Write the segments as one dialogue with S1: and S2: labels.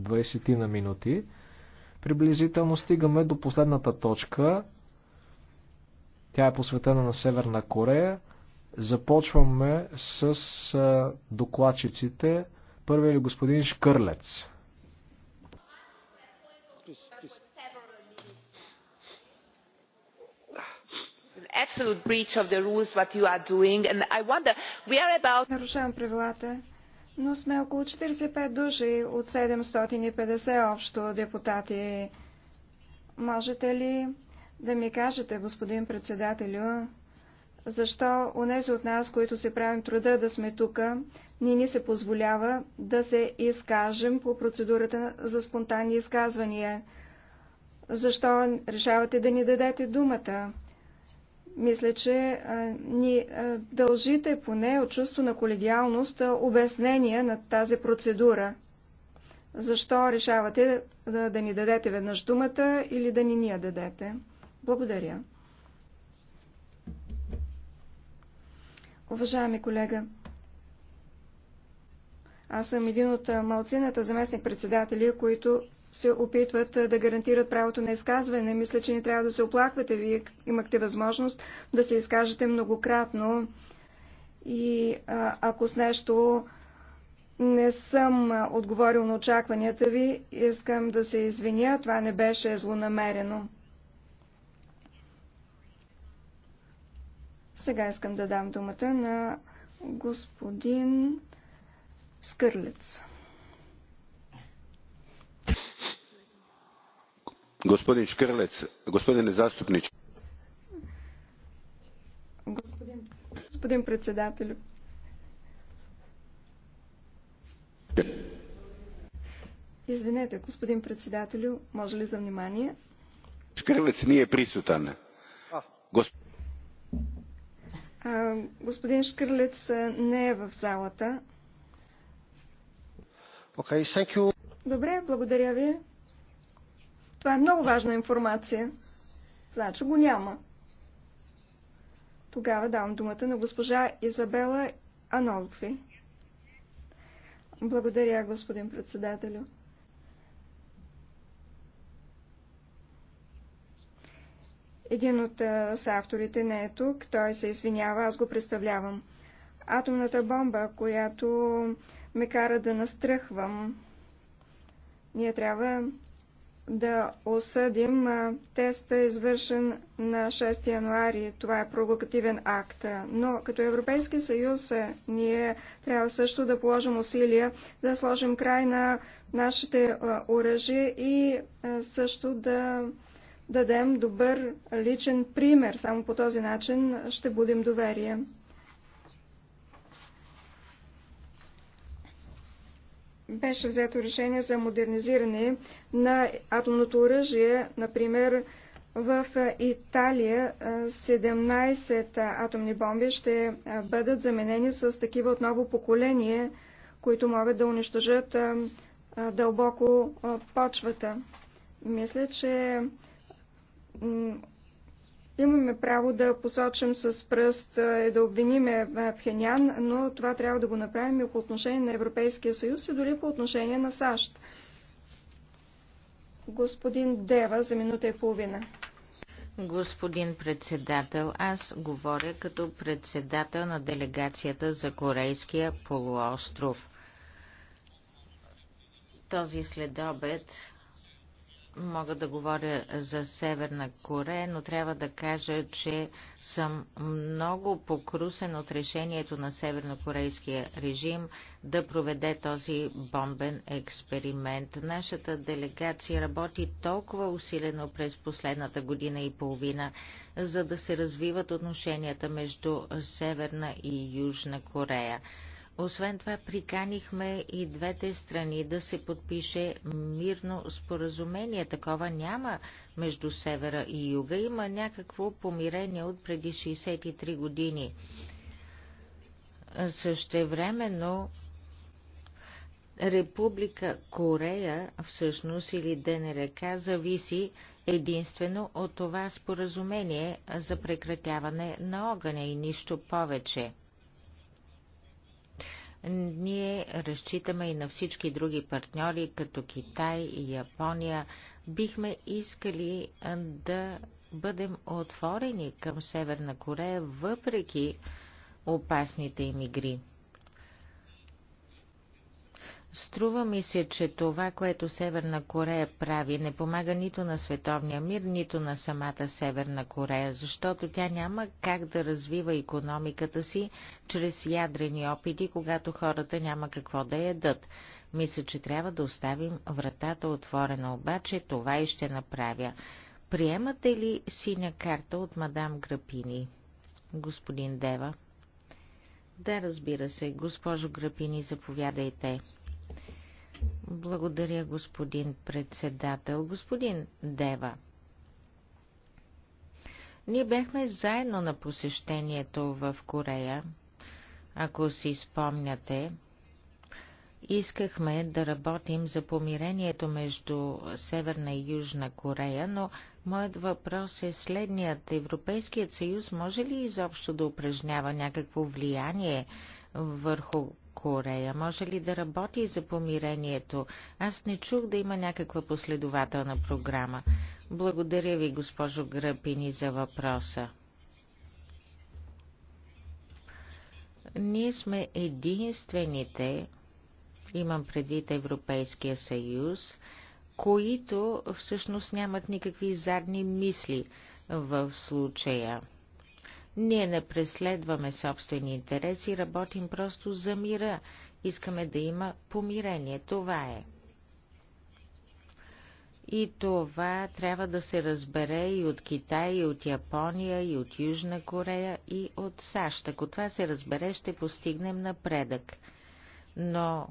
S1: 20 на минути. Приблизително стигаме до последната точка. Тя е посветена на Северна Корея. Започваме с докладчиците. Първият е господин Шкърлец.
S2: absolute breach of the rules what you are doing and i wonder we are about нарушавам правилата но сме около 45 души от 750 общо депутати. Можете ли да ми кажете, господин председателю, защо унези от нас, които се правим труда да сме тук, ни ни се позволява да се изкажем по процедурата за спонтанни изказвания? Защо решавате да ни дадете думата? Мисля, че ни дължите поне от чувство на колегиалност обяснение на тази процедура. Защо решавате да, да ни дадете веднъж думата или да ни ни я дадете? Благодаря. Уважаеми колега, аз съм един от малцината заместник-председатели, които се опитват да гарантират правото на изказване. Мисля, че не трябва да се оплаквате. Вие имахте възможност да се изкажете многократно. И а, ако с нещо не съм отговорил на очакванията ви, искам да се извиня. Това не беше злонамерено. Сега искам да дам думата на господин Скърлец.
S1: Господин Шкърлец, господине заступнич.
S2: Господин, господин председател. Извинете, господин председателю, може ли за внимание?
S1: Шкърлец ни е присутан. Госп...
S2: А, господин Шкърлец не е в залата. Добре, благодаря ви. Това е много важна информация. Значи го няма. Тогава давам думата на госпожа Изабела Анолфи. Благодаря, господин председателю. Един от авторите не е тук, той се извинява, аз го представлявам. Атомната бомба, която ме кара да настръхвам. Ние трябва да осъдим теста, извършен на 6 януари. Това е провокативен акт. Но като Европейски съюз ние трябва също да положим усилия да сложим край на нашите оръжия и също да дадем добър личен пример. Само по този начин ще будем доверие. беше взето решение за модернизиране на атомното оръжие, например в Италия 17 атомни бомби ще бъдат заменени с такива от ново поколение, които могат да унищожат дълбоко почвата. Мисля, че Имаме право да посочим с пръст и е, да обвиним е, е, Пхенян, но това трябва да го направим и по отношение на Европейския съюз и дори по отношение на САЩ. Господин Дева за минута и половина.
S3: Господин председател, аз говоря като председател на делегацията за Корейския полуостров. Този следобед мога да говоря за Северна Корея, но трябва да кажа, че съм много покрусен от решението на севернокорейския режим да проведе този бомбен експеримент. Нашата делегация работи толкова усилено през последната година и половина, за да се развиват отношенията между Северна и Южна Корея. Освен това, приканихме и двете страни да се подпише мирно споразумение. Такова няма между севера и юга. Има някакво помирение от преди 63 години. Същевременно Република Корея, всъщност или ДНРК, зависи единствено от това споразумение за прекратяване на огъня и нищо повече. Ние разчитаме и на всички други партньори, като Китай и Япония. Бихме искали да бъдем отворени към Северна Корея, въпреки опасните им игри. Струва ми се, че това, което Северна Корея прави, не помага нито на световния мир, нито на самата Северна Корея, защото тя няма как да развива економиката си чрез ядрени опити, когато хората няма какво да ядат. Мисля, че трябва да оставим вратата отворена, обаче това и ще направя. Приемате ли синя карта от мадам Грапини? Господин Дева. Да, разбира се. Госпожо Грапини, заповядайте. Благодаря, господин председател. Господин Дева, ние бяхме заедно на посещението в Корея, ако си спомняте. Искахме да работим за помирението между Северна и Южна Корея, но моят въпрос е следният. Европейският съюз може ли изобщо да упражнява някакво влияние върху Корея може ли да работи за помирението? Аз не чух да има някаква последователна програма. Благодаря ви, госпожо Грапини, за въпроса. Ние сме единствените, имам предвид Европейския съюз, които всъщност нямат никакви задни мисли в случая. Ние не преследваме собствени интереси, работим просто за мира. Искаме да има помирение. Това е. И това трябва да се разбере и от Китай, и от Япония, и от Южна Корея, и от САЩ. Ако това се разбере, ще постигнем напредък. Но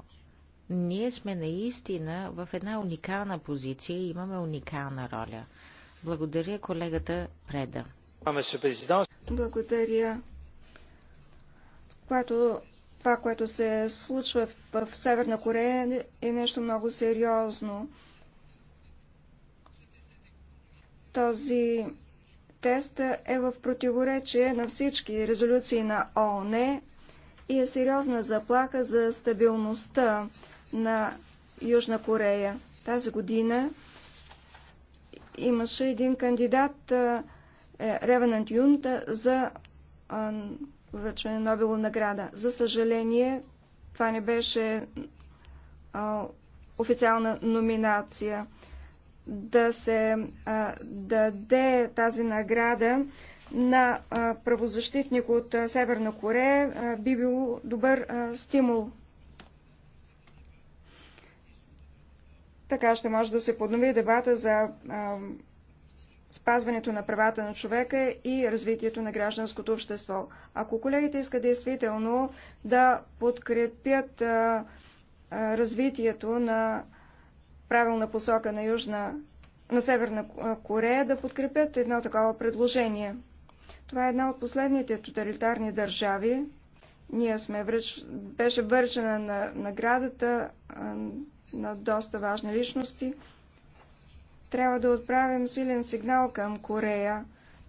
S3: ние сме наистина в една уникална позиция и имаме уникална роля. Благодаря колегата Преда.
S2: Благодаря. Което, това, което се случва в Северна Корея е нещо много сериозно. Този тест е в противоречие на всички резолюции на ООН и е сериозна заплаха за стабилността на Южна Корея. Тази година имаше един кандидат, Ревенант Юнта за връчване на Нобелова награда. За съжаление, това не беше а, официална номинация. Да се а, даде тази награда на а, правозащитник от а, Северна Корея а, би бил добър а, стимул. Така ще може да се поднови дебата за а, спазването на правата на човека и развитието на гражданското общество. Ако колегите искат действително да подкрепят а, а, развитието на правилна посока на Южна на Северна Корея да подкрепят едно такова предложение. Това е една от последните тоталитарни държави. Ние сме връч... беше връчена на наградата на доста важни личности. Трябва да отправим силен сигнал към Корея.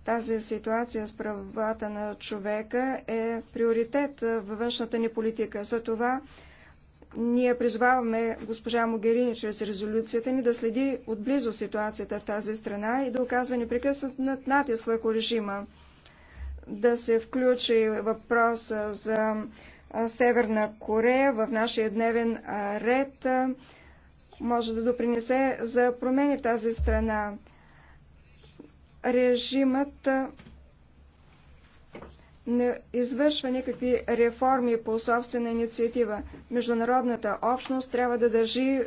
S2: Тази ситуация с правата на човека е приоритет във външната ни политика. За това ние призваваме госпожа Могерини чрез резолюцията ни да следи отблизо ситуацията в тази страна и да оказва непрекъснат натиск върху режима. Да се включи въпроса за Северна Корея в нашия дневен ред може да допринесе за промени тази страна. Режимът не извършва никакви реформи по собствена инициатива. Международната общност трябва да държи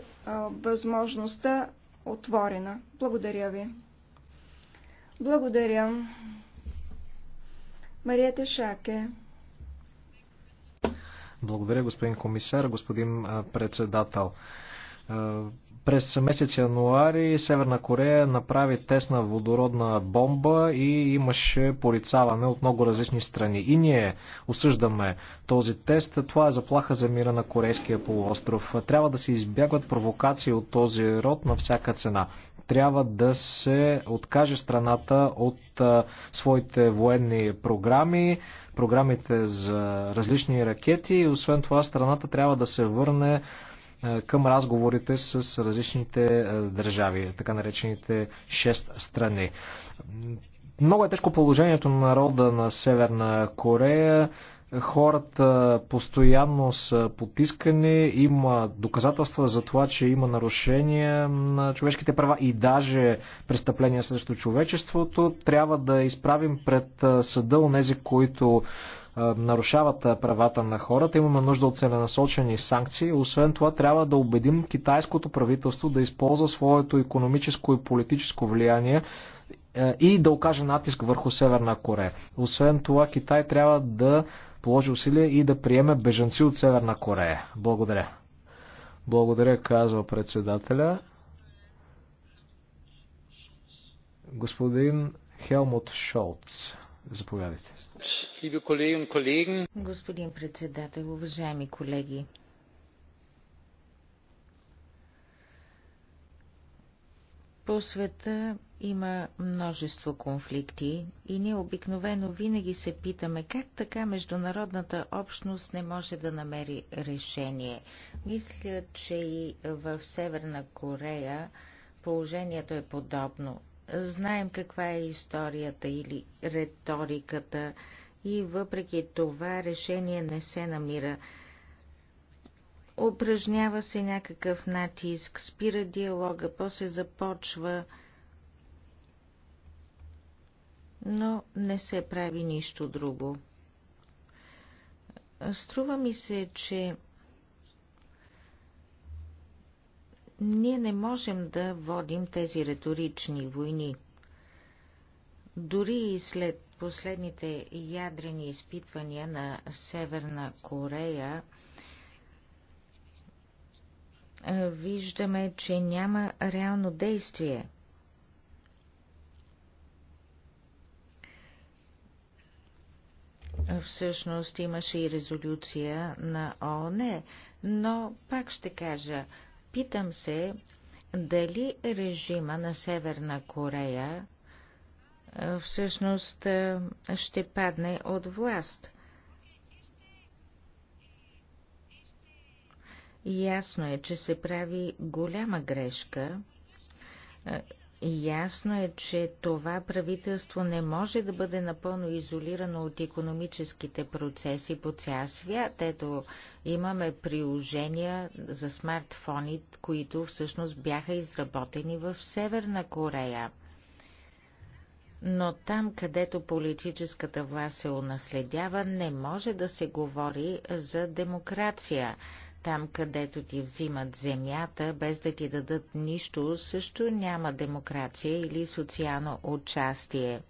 S2: възможността отворена. Благодаря ви. Благодаря. Мария Тешаке.
S1: Благодаря, господин комисар, господин председател. През месец януари Северна Корея направи тест на водородна бомба и имаше порицаване от много различни страни. И ние осъждаме този тест. Това е заплаха за мира на Корейския полуостров. Трябва да се избягват провокации от този род на всяка цена. Трябва да се откаже страната от своите военни програми, програмите за различни ракети и освен това страната трябва да се върне е, към разговорите с различните е, държави, така наречените 6 страни. Много е тежко положението на народа на Северна Корея. Хората постоянно са потискани, има доказателства за това, че има нарушения на човешките права и даже престъпления срещу човечеството. Трябва да изправим пред е, съда онези, които нарушават правата на хората. Имаме нужда от целенасочени санкции. Освен това, трябва да убедим китайското правителство да използва своето економическо и политическо влияние и да окаже натиск върху Северна Корея. Освен това, Китай трябва да положи усилия и да приеме бежанци от Северна Корея. Благодаря. Благодаря, казва председателя. Господин Хелмут Шолц, заповядайте.
S3: Господин председател, уважаеми колеги! По света има множество конфликти и ние обикновено винаги се питаме как така международната общност не може да намери решение. Мисля, че и в Северна Корея положението е подобно. Знаем каква е историята или риториката и въпреки това решение не се намира. Упражнява се някакъв натиск, спира диалога, после започва, но не се прави нищо друго. Струва ми се, че Ние не можем да водим тези риторични войни. Дори и след последните ядрени изпитвания на Северна Корея, виждаме, че няма реално действие. Всъщност имаше и резолюция на ООН, но пак ще кажа – Питам се дали режима на Северна Корея всъщност ще падне от власт. Ясно е, че се прави голяма грешка Ясно е, че това правителство не може да бъде напълно изолирано от економическите процеси по цял свят. Ето, имаме приложения за смартфони, които всъщност бяха изработени в Северна Корея. Но там, където политическата власт се унаследява, не може да се говори за демокрация. Там, където ти взимат земята, без да ти дадат нищо, също няма демокрация или социално участие.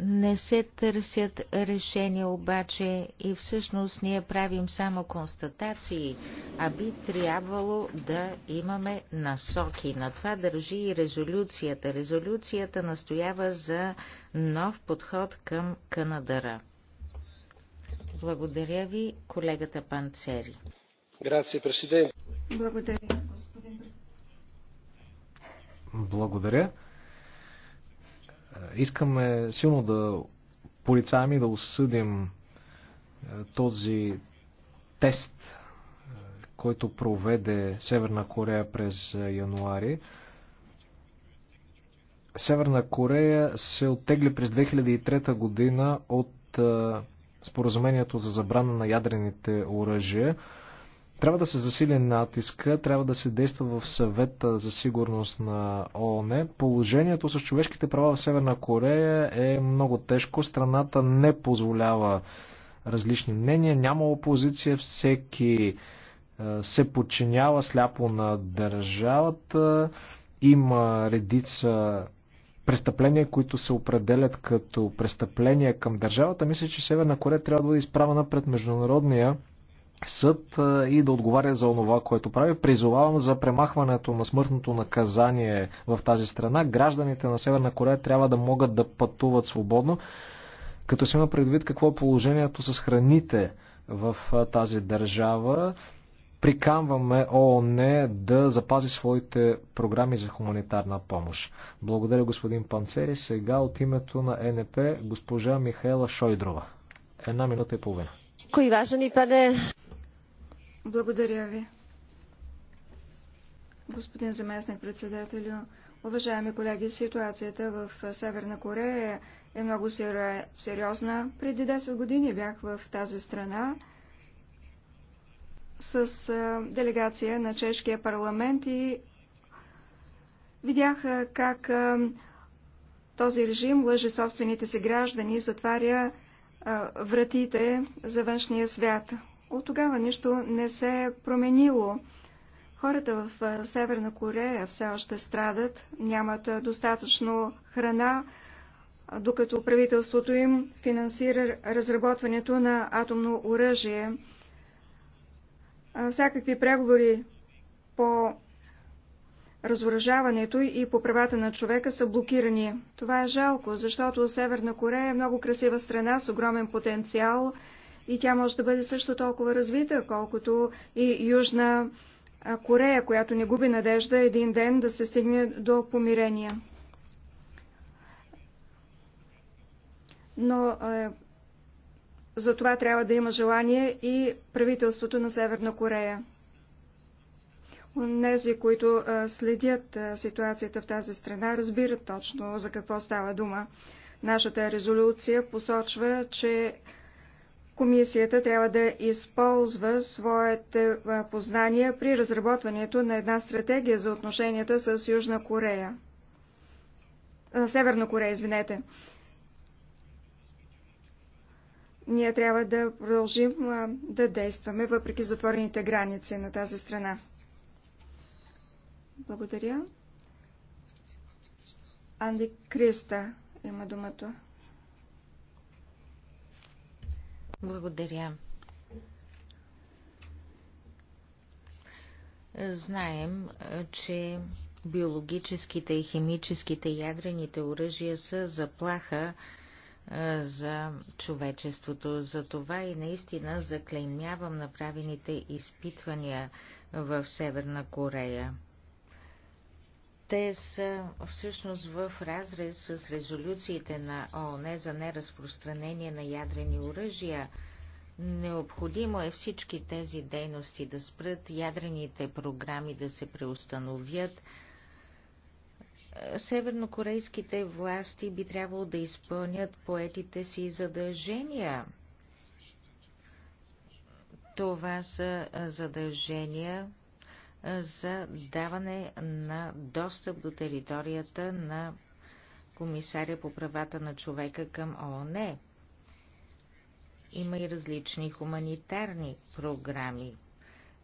S3: Не се търсят решения обаче и всъщност ние правим само констатации, а би трябвало да имаме насоки. На това държи и резолюцията. Резолюцията настоява за нов подход към Канадъра. Благодаря ви, колегата Панцери.
S1: Грация, президент. Благодаря, господин Благодаря. Искаме силно да полицаем и да осъдим е, този тест, е, който проведе Северна Корея през е, януари. Северна Корея се оттегли през 2003 година от споразумението за забрана на ядрените оръжия. Трябва да се засили натиска, трябва да се действа в съвета за сигурност на ООН. Положението с човешките права в Северна Корея е много тежко. Страната не позволява различни мнения, няма опозиция, всеки е, се подчинява сляпо на държавата, има редица престъпления, които се определят като престъпления към държавата, мисля, че Северна Корея трябва да бъде изправена пред Международния съд и да отговаря за онова, което прави. Призовавам за премахването на смъртното наказание в тази страна. Гражданите на Северна Корея трябва да могат да пътуват свободно, като се има предвид какво е положението с храните в тази държава приканваме ООН да запази своите програми за хуманитарна помощ. Благодаря господин Панцери. Сега от името на НП госпожа Михаела Шойдрова. Една минута и половина.
S2: Кой важен и паде? Благодаря ви. Господин заместник председателю, уважаеми колеги, ситуацията в Северна Корея е много сериозна. Преди 10 години бях в тази страна с делегация на чешкия парламент и видяха как този режим лъже собствените си граждани и затваря вратите за външния свят. От тогава нищо не се е променило. Хората в Северна Корея все още страдат, нямат достатъчно храна, докато правителството им финансира разработването на атомно оръжие всякакви преговори по разоръжаването и по правата на човека са блокирани. Това е жалко, защото Северна Корея е много красива страна с огромен потенциал и тя може да бъде също толкова развита, колкото и Южна Корея, която не губи надежда един ден да се стигне до помирение. Но за това трябва да има желание и правителството на Северна Корея. Нези, които следят ситуацията в тази страна, разбират точно за какво става дума. Нашата резолюция посочва, че Комисията трябва да използва своите познания при разработването на една стратегия за отношенията с Южна Корея. Северна Корея, извинете ние трябва да продължим да действаме, въпреки затворените граници на тази страна. Благодаря. Анди Криста има думата.
S3: Благодаря. Знаем, че биологическите и химическите ядрените оръжия са заплаха за човечеството. За това и наистина заклеймявам направените изпитвания в Северна Корея. Те са всъщност в разрез с резолюциите на ООН за неразпространение на ядрени оръжия. Необходимо е всички тези дейности да спрат, ядрените програми да се преустановят, севернокорейските власти би трябвало да изпълнят поетите си задължения. Това са задължения за даване на достъп до територията на комисаря по правата на човека към ООН. Има и различни хуманитарни програми.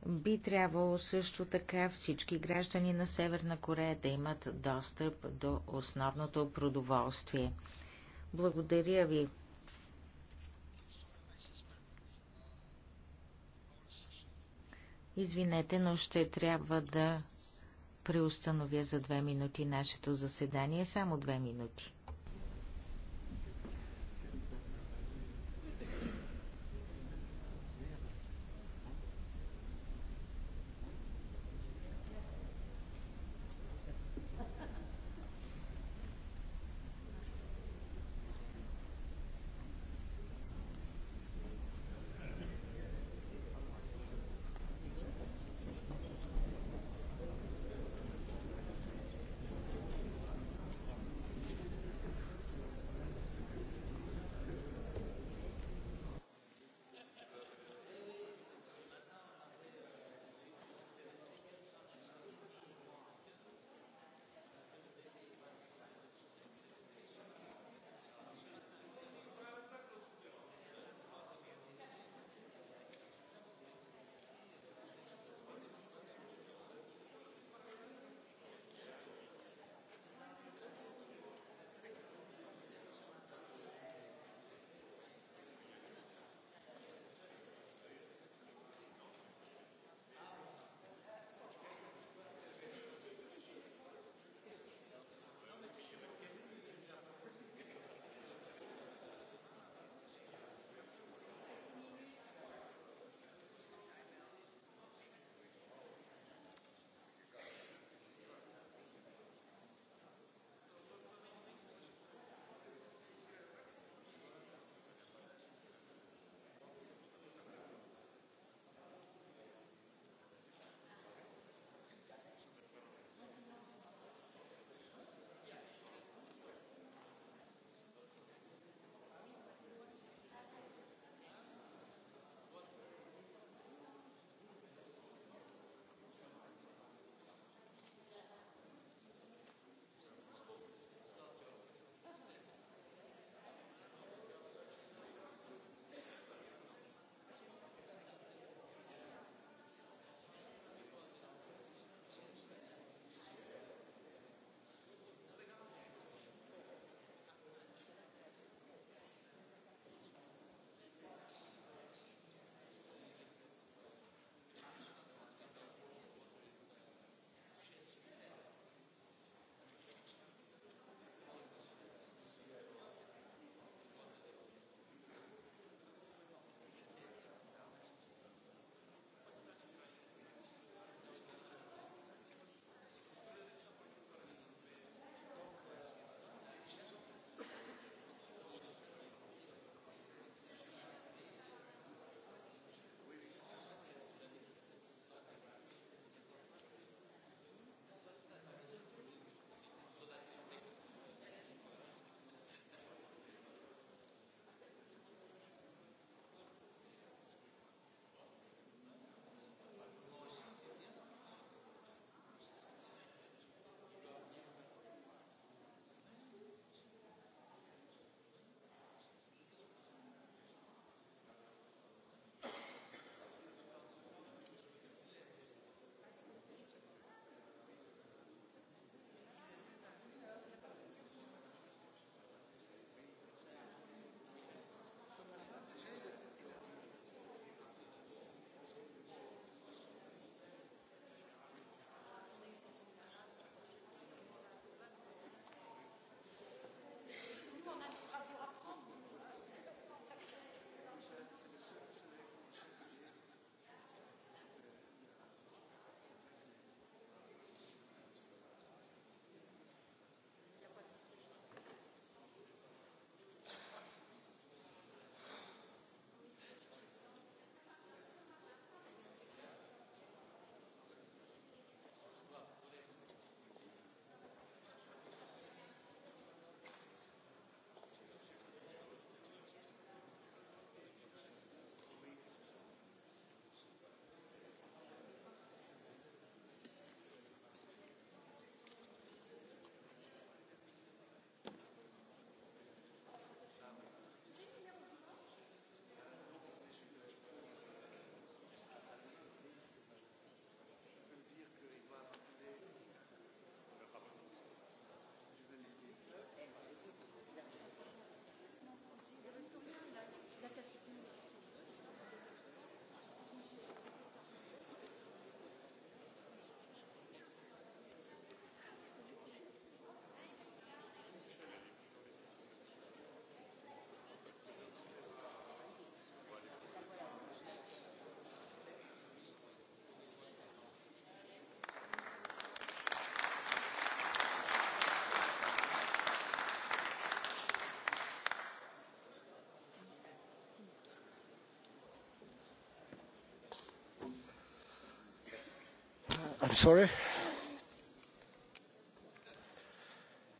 S3: Би трябвало също така всички граждани на Северна Корея да имат достъп до основното продоволствие. Благодаря ви. Извинете, но ще трябва да преустановя за две минути нашето заседание. Само две минути.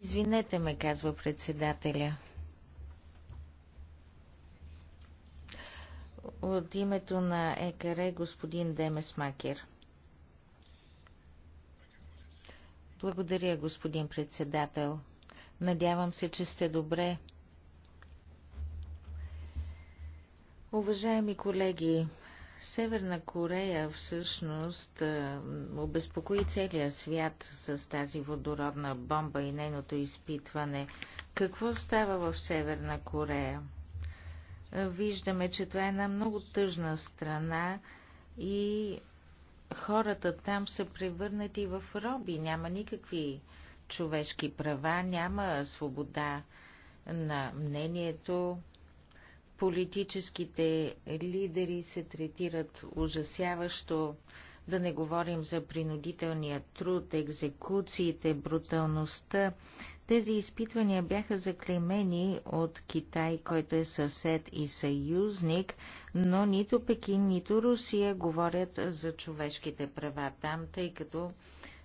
S3: Извинете ме, казва председателя. От името на ЕКР господин Демес Макер. Благодаря, господин председател. Надявам се, че сте добре. Уважаеми колеги, Северна Корея всъщност е, обезпокои целия свят с тази водородна бомба и нейното изпитване. Какво става в Северна Корея? Е, виждаме, че това е една много тъжна страна и хората там са превърнати в роби. Няма никакви човешки права, няма свобода на мнението, Политическите лидери се третират ужасяващо, да не говорим за принудителния труд, екзекуциите, бруталността. Тези изпитвания бяха заклеймени от Китай, който е съсед и съюзник, но нито Пекин, нито Русия говорят за човешките права там, тъй като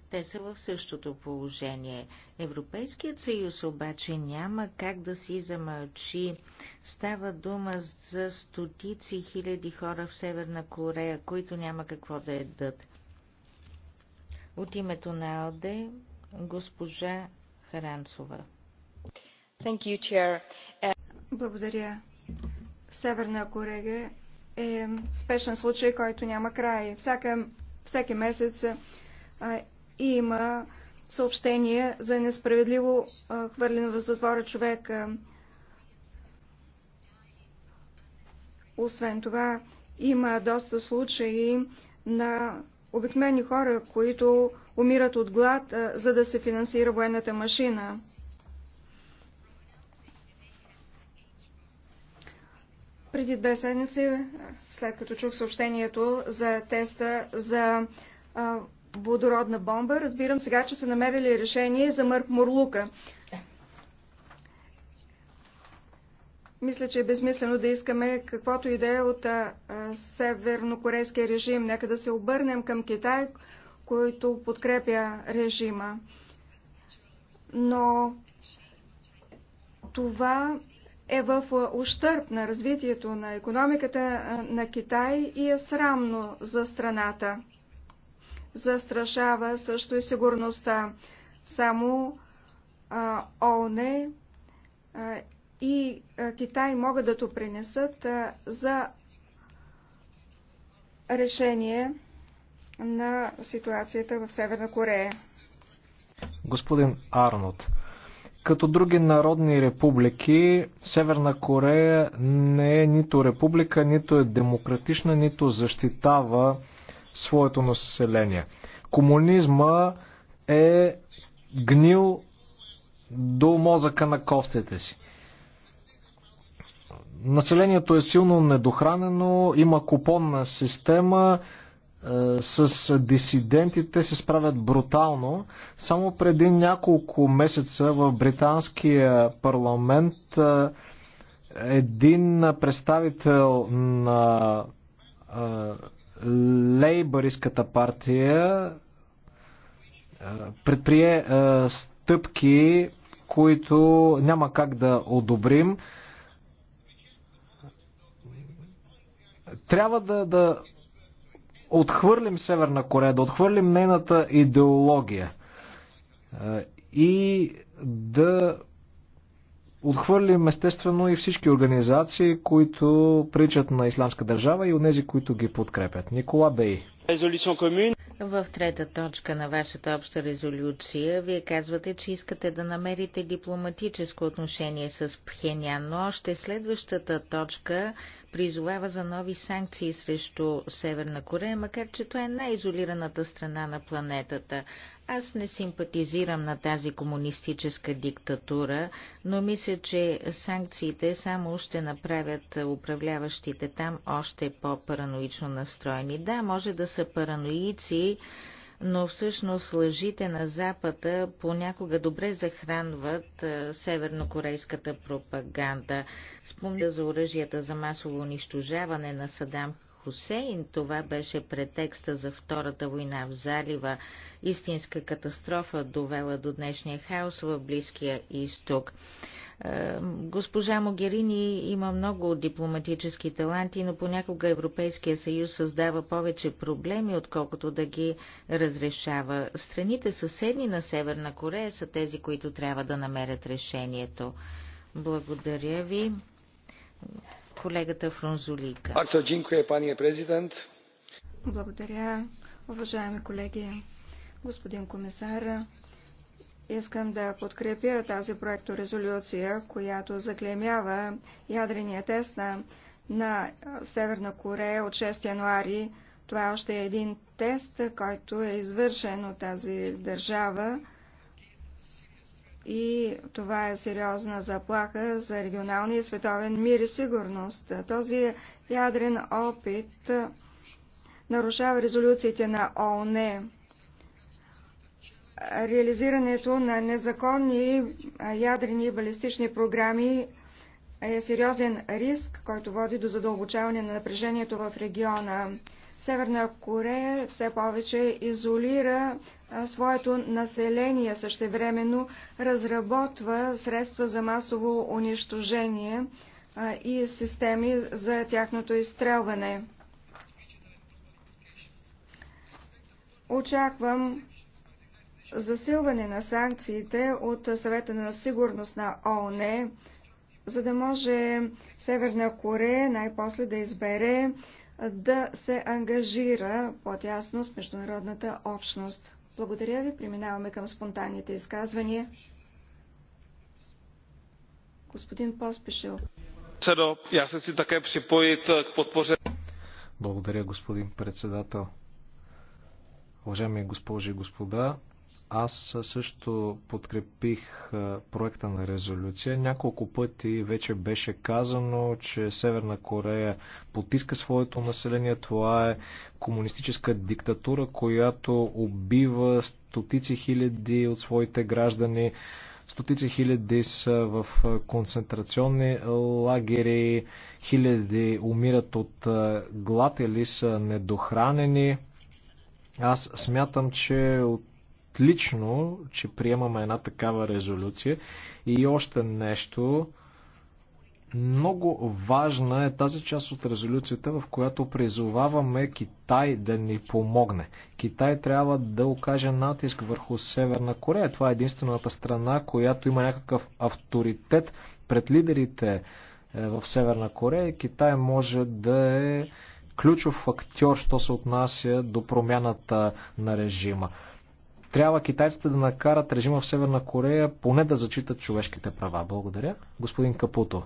S3: те са в същото положение. Европейският съюз обаче няма как да си замълчи. Става дума за стотици хиляди хора в Северна Корея, които няма какво да едат. От името на АЛДЕ, госпожа Харанцова.
S2: Thank you, chair. Е, Благодаря. Северна Корея е спешен случай, който няма край. Всяка, всеки месец и има съобщение за несправедливо хвърлен в затвора човек. Освен това, има доста случаи на обикновени хора, които умират от глад, за да се финансира военната машина. Преди две седмици, след като чух съобщението за теста за водородна бомба. Разбирам сега, че са намерили решение за Мърк Мурлука. Мисля, че е безмислено да искаме каквото и да е от а, севернокорейския режим. Нека да се обърнем към Китай, който подкрепя режима. Но това е в ущърп на развитието на економиката на Китай и е срамно за страната застрашава също и сигурността. Само а, ООН а, и а, Китай могат да допринесат а, за решение на ситуацията в Северна Корея.
S1: Господин Арнот, като други народни републики, Северна Корея не е нито република, нито е демократична, нито защитава своето население. Комунизма е гнил до мозъка на костите си. Населението е силно недохранено, има купонна система, е, с дисидентите се справят брутално. Само преди няколко месеца в британския парламент е, един представител на е, лейбаристската партия предприе стъпки, които няма как да одобрим. Трябва да, да отхвърлим Северна Корея, да отхвърлим нейната идеология и да отхвърлим естествено и всички организации, които причат на Исламска държава и тези, които ги подкрепят. Никола Бей.
S3: В трета точка на вашата обща резолюция вие казвате, че искате да намерите дипломатическо отношение с Пхенян, но още следващата точка призовава за нови санкции срещу Северна Корея, макар че това е най-изолираната страна на планетата. Аз не симпатизирам на тази комунистическа диктатура, но мисля, че санкциите само ще направят управляващите там още по-параноично настроени. Да, може да са параноици, но всъщност лъжите на Запада понякога добре захранват севернокорейската пропаганда. Спомня за оръжията за масово унищожаване на Садам Хусейн. Това беше претекста за Втората война в залива. Истинска катастрофа довела до днешния хаос в Близкия изток. Е, госпожа Могерини има много дипломатически таланти, но понякога Европейския съюз създава повече проблеми, отколкото да ги разрешава. Страните съседни на Северна Корея са тези, които трябва да намерят решението. Благодаря ви колегата Фрунзулика.
S2: Благодаря, уважаеми колеги, господин комисар. Искам да подкрепя тази проекторезолюция, която заклемява ядрения тест на, на Северна Корея от 6 януари. Това е още е един тест, който е извършен от тази държава и това е сериозна заплаха за регионалния световен мир и сигурност. Този ядрен опит нарушава резолюциите на ООН. Реализирането на незаконни ядрени и балистични програми е сериозен риск, който води до задълбочаване на напрежението в региона. Северна Корея все повече изолира своето население, същевременно разработва средства за масово унищожение и системи за тяхното изстрелване. Очаквам засилване на санкциите от съвета на сигурност на ООН, за да може Северна Корея най-после да избере да се ангажира по-тясно с международната общност. Благодаря ви. Преминаваме към спонтанните изказвания. Господин Поспешил.
S1: Благодаря, господин председател. Уважаеми госпожи и господа, аз също подкрепих проекта на резолюция. Няколко пъти вече беше казано, че Северна Корея потиска своето население. Това е комунистическа диктатура, която убива стотици хиляди от своите граждани. Стотици хиляди са в концентрационни лагери, хиляди умират от глад или са недохранени. Аз смятам, че от отлично, че приемаме една такава резолюция. И още нещо. Много важна е тази част от резолюцията, в която призоваваме Китай да ни помогне. Китай трябва да окаже натиск върху Северна Корея. Това е единствената страна, която има някакъв авторитет пред лидерите е, в Северна Корея. Китай може да е ключов актьор, що се отнася до промяната на режима. Трябва китайците да накарат режима в Северна Корея поне да зачитат човешките права. Благодаря. Господин Капуто.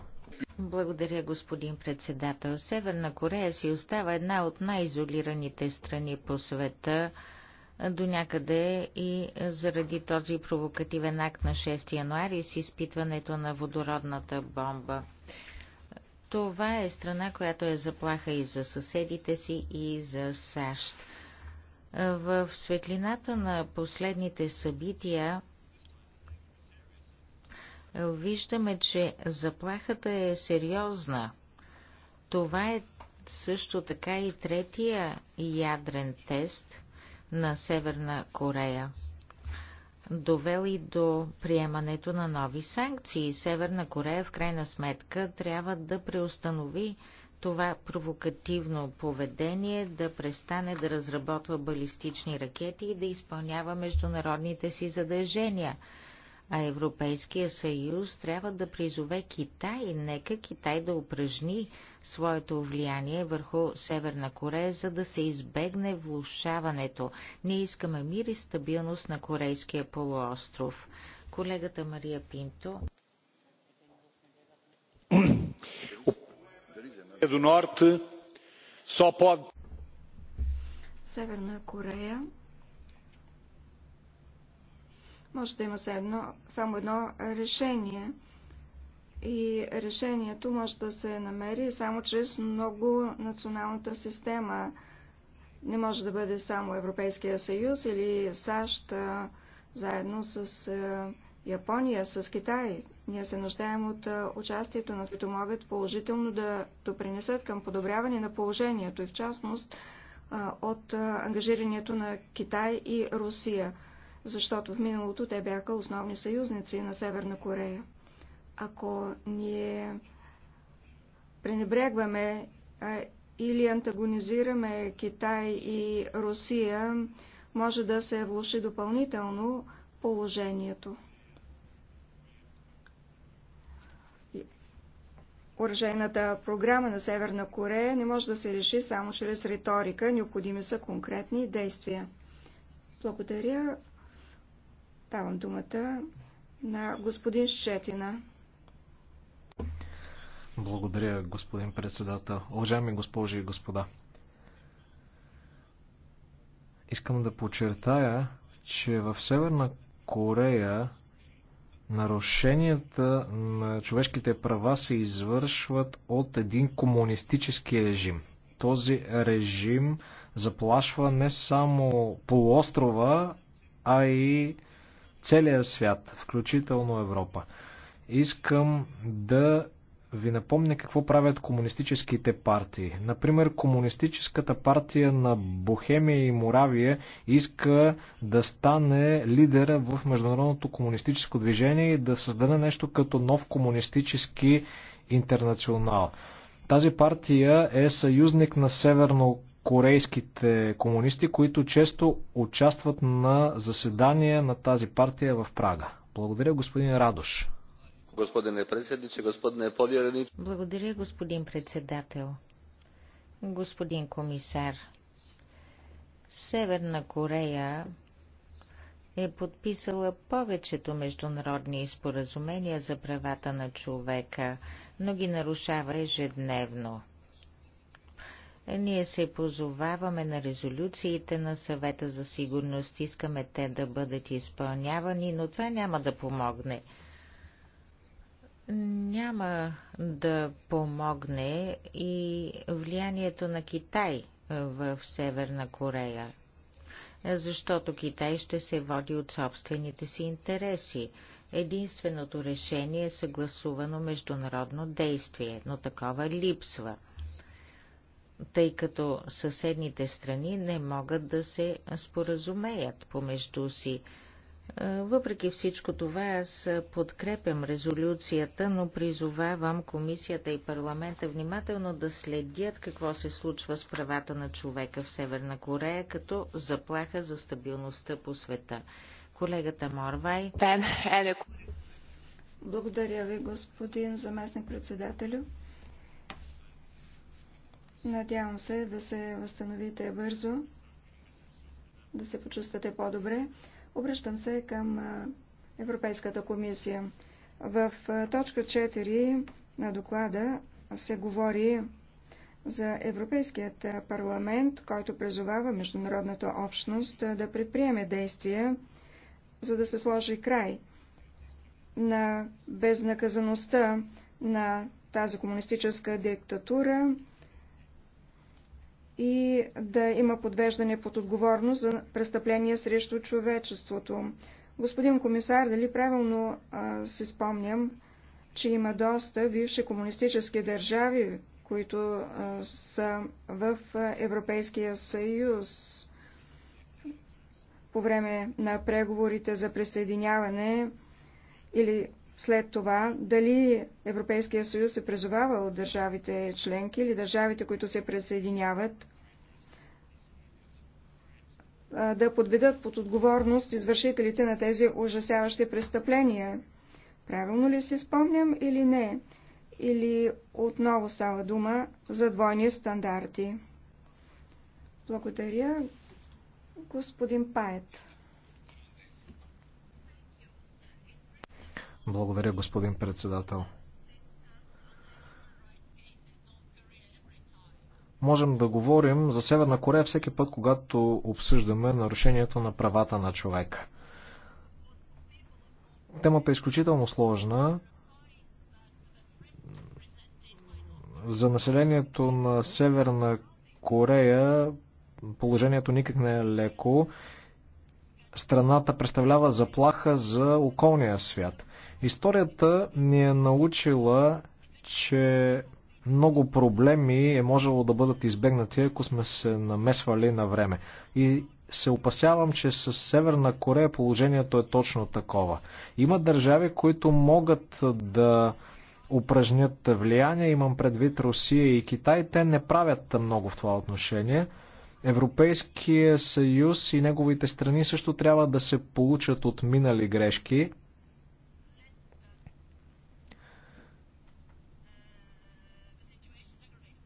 S3: Благодаря, господин председател. Северна Корея си остава една от най-изолираните страни по света до някъде и заради този провокативен акт на 6 януари с изпитването на водородната бомба. Това е страна, която е заплаха и за съседите си, и за САЩ. В светлината на последните събития виждаме, че заплахата е сериозна. Това е също така и третия ядрен тест на Северна Корея, довел и до приемането на нови санкции. Северна Корея в крайна сметка трябва да преустанови това провокативно поведение да престане да разработва балистични ракети и да изпълнява международните си задължения. А Европейския съюз трябва да призове Китай, нека Китай да упражни своето влияние върху Северна Корея, за да се избегне влушаването. Ние искаме мир и стабилност на Корейския полуостров. Колегата Мария Пинто.
S1: do Norte só pode.
S2: Северна Корея може да има едно, само едно решение. И решението може да се намери само чрез много националната система. Не може да бъде само Европейския съюз или САЩ заедно с Япония, с Китай. Ние се нуждаем от участието на които могат положително да допринесат към подобряване на положението и в частност от ангажирането на Китай и Русия, защото в миналото те бяха основни съюзници на Северна Корея. Ако ние пренебрегваме или антагонизираме Китай и Русия, може да се влуши допълнително положението. Оръжейната програма на Северна Корея не може да се реши само чрез риторика, необходими са конкретни действия. Благодаря. Давам думата на господин Щетина.
S1: Благодаря, господин председател. Уважаеми госпожи и господа, искам да подчертая, че в Северна Корея Нарушенията на човешките права се извършват от един комунистически режим. Този режим заплашва не само полуострова, а и целия свят, включително Европа. Искам да ви напомня какво правят комунистическите партии. Например, комунистическата партия на Бохемия и Моравия иска да стане лидер в международното комунистическо движение и да създаде нещо като нов комунистически интернационал. Тази партия е съюзник на северно корейските комунисти, които често участват на заседания на тази партия в Прага. Благодаря, господин Радош. Господине председниче, господине повjereniče.
S3: Благодаря, господин председател. Господин комисар, Северна Корея е подписала повечето международни споразумения за правата на човека, но ги нарушава ежедневно. Ние се позоваваме на резолюциите на съвета за сигурност, искаме те да бъдат изпълнявани, но това няма да помогне – няма да помогне и влиянието на Китай е, в Северна Корея, защото Китай ще се води от собствените си интереси. Единственото решение е съгласувано международно действие, но такова липсва, тъй като съседните страни не могат да се споразумеят помежду си. Въпреки всичко това, аз подкрепям резолюцията, но призовавам комисията и парламента внимателно да следят какво се случва с правата на човека в Северна Корея като заплаха за стабилността по света. Колегата Морвай.
S2: Благодаря ви, господин заместник председателю. Надявам се да се възстановите бързо, да се почувствате по-добре. Обръщам се към Европейската комисия. В точка 4 на доклада се говори за Европейският парламент, който призовава международната общност да предприеме действия, за да се сложи край на безнаказаността на тази комунистическа диктатура, и да има подвеждане под отговорност за престъпления срещу човечеството. Господин комисар, дали правилно а, си спомням, че има доста бивши комунистически държави, които а, са в Европейския съюз по време на преговорите за присъединяване или след това дали Европейския съюз е призовавал държавите членки или държавите, които се присъединяват, да подведат под отговорност извършителите на тези ужасяващи престъпления. Правилно ли си спомням или не? Или отново става дума за двойни стандарти? Благодаря, господин Пает.
S1: Благодаря, господин председател. Можем да говорим за Северна Корея всеки път, когато обсъждаме нарушението на правата на човека. Темата е изключително сложна. За населението на Северна Корея положението никак не е леко. Страната представлява заплаха за околния свят. Историята ни е научила, че много проблеми е можело да бъдат избегнати, ако сме се намесвали на време. И се опасявам, че с Северна Корея положението е точно такова. Има държави, които могат да упражнят влияние, имам предвид Русия и Китай, те не правят много в това отношение. Европейския съюз и неговите страни също трябва да се получат от минали грешки.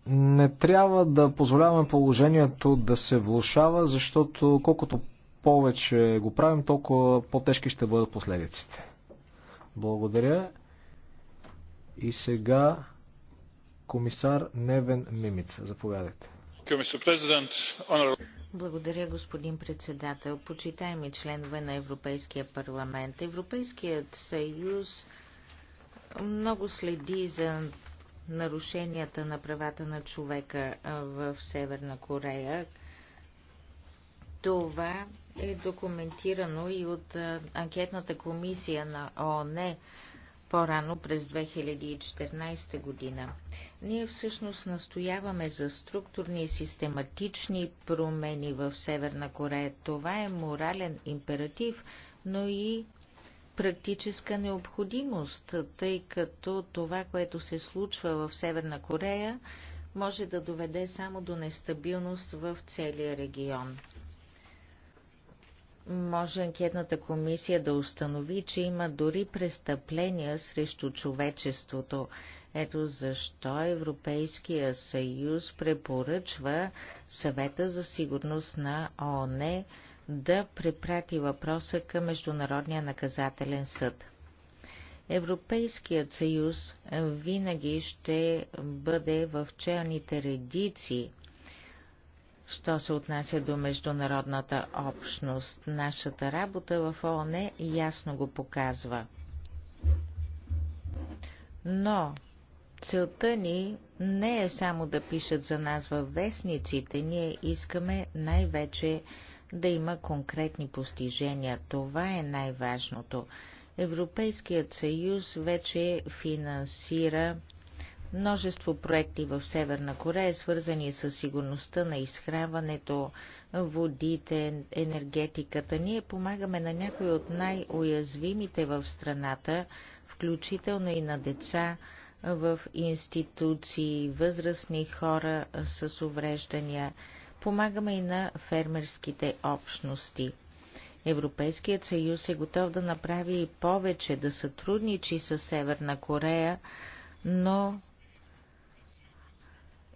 S1: Не трябва да позволяваме положението да се влушава, защото колкото повече го правим, толкова по-тежки ще бъдат последиците. Благодаря. И сега комисар Невен Мимица. Заповядайте.
S3: Благодаря, господин председател. Почитаеми членове на Европейския парламент. Европейският съюз много следи за нарушенията на правата на човека в Северна Корея. Това е документирано и от анкетната комисия на ООН по-рано през 2014 година. Ние всъщност настояваме за структурни и систематични промени в Северна Корея. Това е морален императив, но и практическа необходимост, тъй като това, което се случва в Северна Корея, може да доведе само до нестабилност в целия регион. Може анкетната комисия да установи, че има дори престъпления срещу човечеството. Ето защо Европейския съюз препоръчва съвета за сигурност на ООН да препрати въпроса към Международния наказателен съд. Европейският съюз винаги ще бъде в челните редици, що се отнася до международната общност. Нашата работа в ООН ясно го показва. Но целта ни не е само да пишат за нас във вестниците, ние искаме най-вече да има конкретни постижения. Това е най-важното. Европейският съюз вече финансира множество проекти в Северна Корея, свързани с сигурността на изхраването, водите, енергетиката. Ние помагаме на някои от най-уязвимите в страната, включително и на деца в институции, възрастни хора с увреждания – помагаме и на фермерските общности. Европейският съюз е готов да направи и повече, да сътрудничи с Северна Корея, но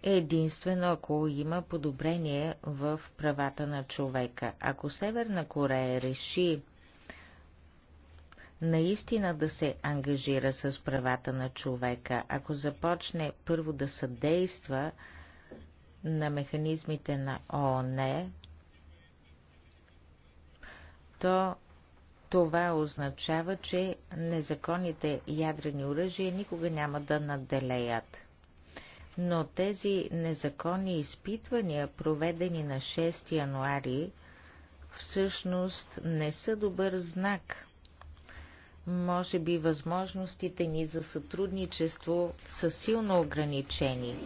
S3: е единствено ако има подобрение в правата на човека. Ако Северна Корея реши наистина да се ангажира с правата на човека, ако започне първо да съдейства на механизмите на ООН, то това означава, че незаконните ядрени оръжия никога няма да надделеят. Но тези незаконни изпитвания, проведени на 6 януари, всъщност не са добър знак. Може би възможностите ни за сътрудничество са силно ограничени.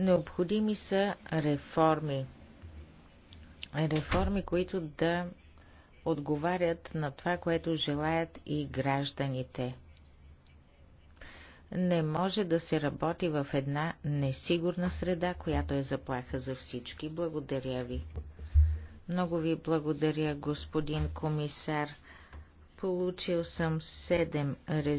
S3: Необходими са реформи. Реформи, които да отговарят на това, което желаят и гражданите. Не може да се работи в една несигурна среда, която е заплаха за всички. Благодаря ви. Много ви благодаря, господин комисар. Получил съм 7 резултата.